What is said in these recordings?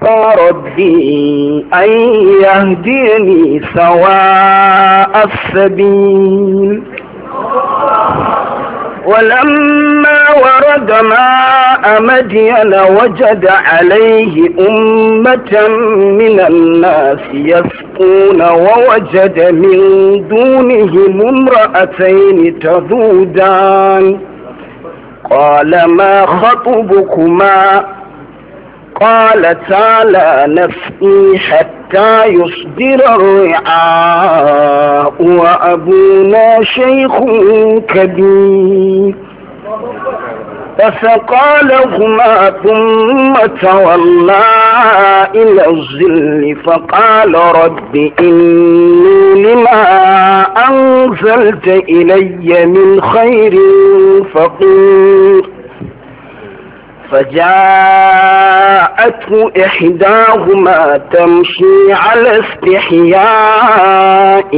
فربي أن يهديني سواء السبيل ولما ورد ماء مدين وجد عليه أمة من الناس يسقون ووجد من دونهم امرأتين تذودان قال ما خطبكما قال تعالى نفسي حتى يصدر الرعاء وأبونا شيخ كبير فسقى لهما ثم تولى إلى الظل فقال رب إني لما أنزلت إلي من خير فقير فجاءته إحداهما تمشي على استحياء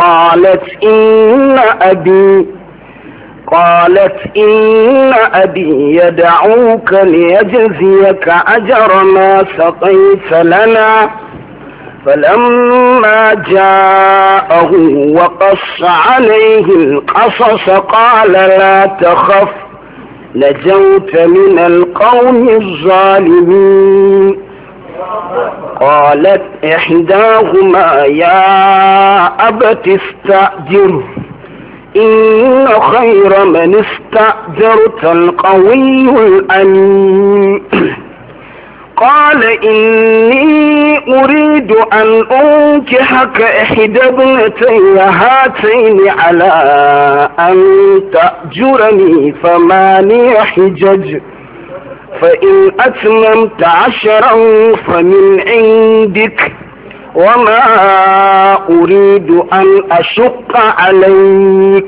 قالت إن أبي قالت إن أبي يدعوك ليجزيك أجر ما سقيت لنا فلما جاءه وقص عليه القصص قال لا تخف نجوت من القوم الظالمين قالت إحداهما يا أبت استأجر إن خير من استأجرت القوي الأمين قال إني أريد أن أنكحك إحدى ابنتي هاتين على أن تأجرني ثماني حجج فإن أتممت عشرا فمن عندك وما أريد أن أشق عليك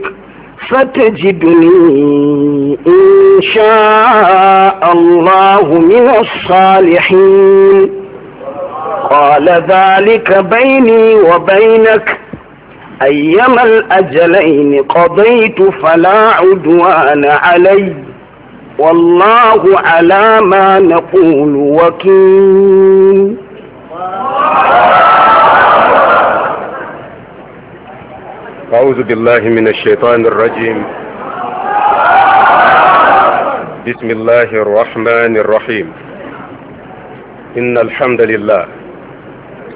فتجدني إن شاء الله من الصالحين قال ذلك بيني وبينك أيما الأجلين قضيت فلا عدوان علي والله على ما نقول وكيل أعوذ بالله من الشيطان الرجيم بسم الله الرحمن الرحيم إن الحمد لله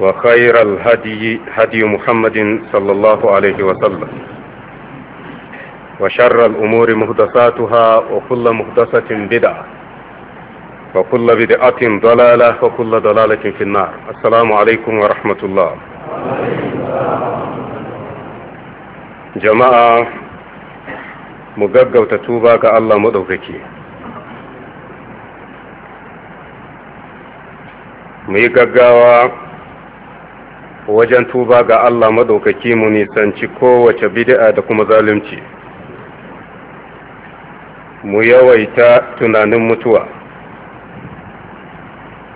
وخير الهدي هدي محمد صلى الله عليه وسلم وشر الأمور مهدساتها وكل مهدسة بدعة وكل بدعة ضلالة وكل ضلالة في النار السلام عليكم ورحمة الله جماعة مقبقة تتوبة كالله مدوككي mu yi gaggawa wajen tuba ga Allah maɗaukaki mu nisanci kowace bid'a da kuma zalunci mu yawaita tunanin mutuwa